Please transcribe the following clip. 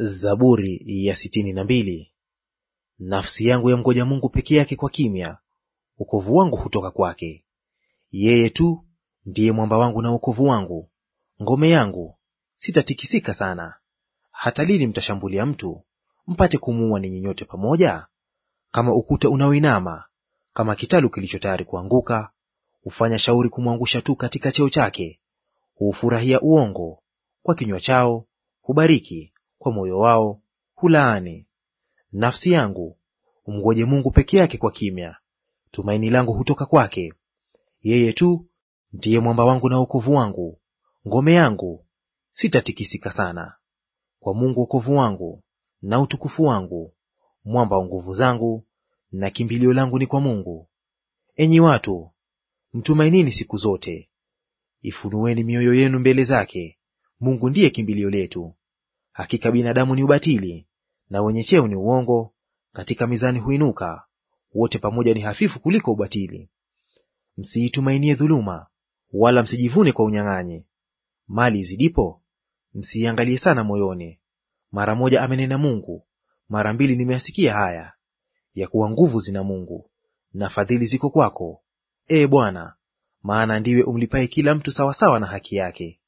Zaburi ya sitini na mbili. Nafsi yangu ya mgoja Mungu peke yake kwa kimya, wokovu wangu hutoka kwake. Yeye tu ndiye mwamba wangu na wokovu wangu, ngome yangu, sitatikisika sana. Hata lini mtashambulia mtu, mpate kumuua ninyi nyote pamoja? Kama ukuta unaoinama, kama kitalu kilicho tayari kuanguka, hufanya shauri kumwangusha tu katika cheo chake. Huufurahia uongo, kwa kinywa chao hubariki kwa moyo wao hulaani. Nafsi yangu umngoje Mungu peke yake kwa kimya, tumaini langu hutoka kwake. Yeye tu ndiye mwamba wangu na wokovu wangu, ngome yangu, sitatikisika sana. Kwa Mungu wokovu wangu na utukufu wangu, mwamba wa nguvu zangu, na kimbilio langu ni kwa Mungu. Enyi watu, mtumainini siku zote, ifunueni mioyo yenu mbele zake. Mungu ndiye kimbilio letu. Hakika binadamu ni ubatili na wenye cheo ni uongo, katika mizani huinuka, wote pamoja ni hafifu kuliko ubatili. Msiitumainie dhuluma, wala msijivune kwa unyang'anyi. Mali izidipo msiiangalie sana moyoni. Mara moja amenena Mungu, mara mbili nimeyasikia haya, ya kuwa nguvu zina Mungu na fadhili ziko kwako, e Bwana, maana ndiwe umlipaye kila mtu sawasawa na haki yake.